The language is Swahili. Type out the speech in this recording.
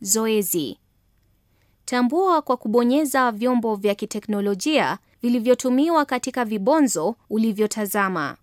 Zoezi: tambua kwa kubonyeza vyombo vya kiteknolojia vilivyotumiwa katika vibonzo ulivyotazama.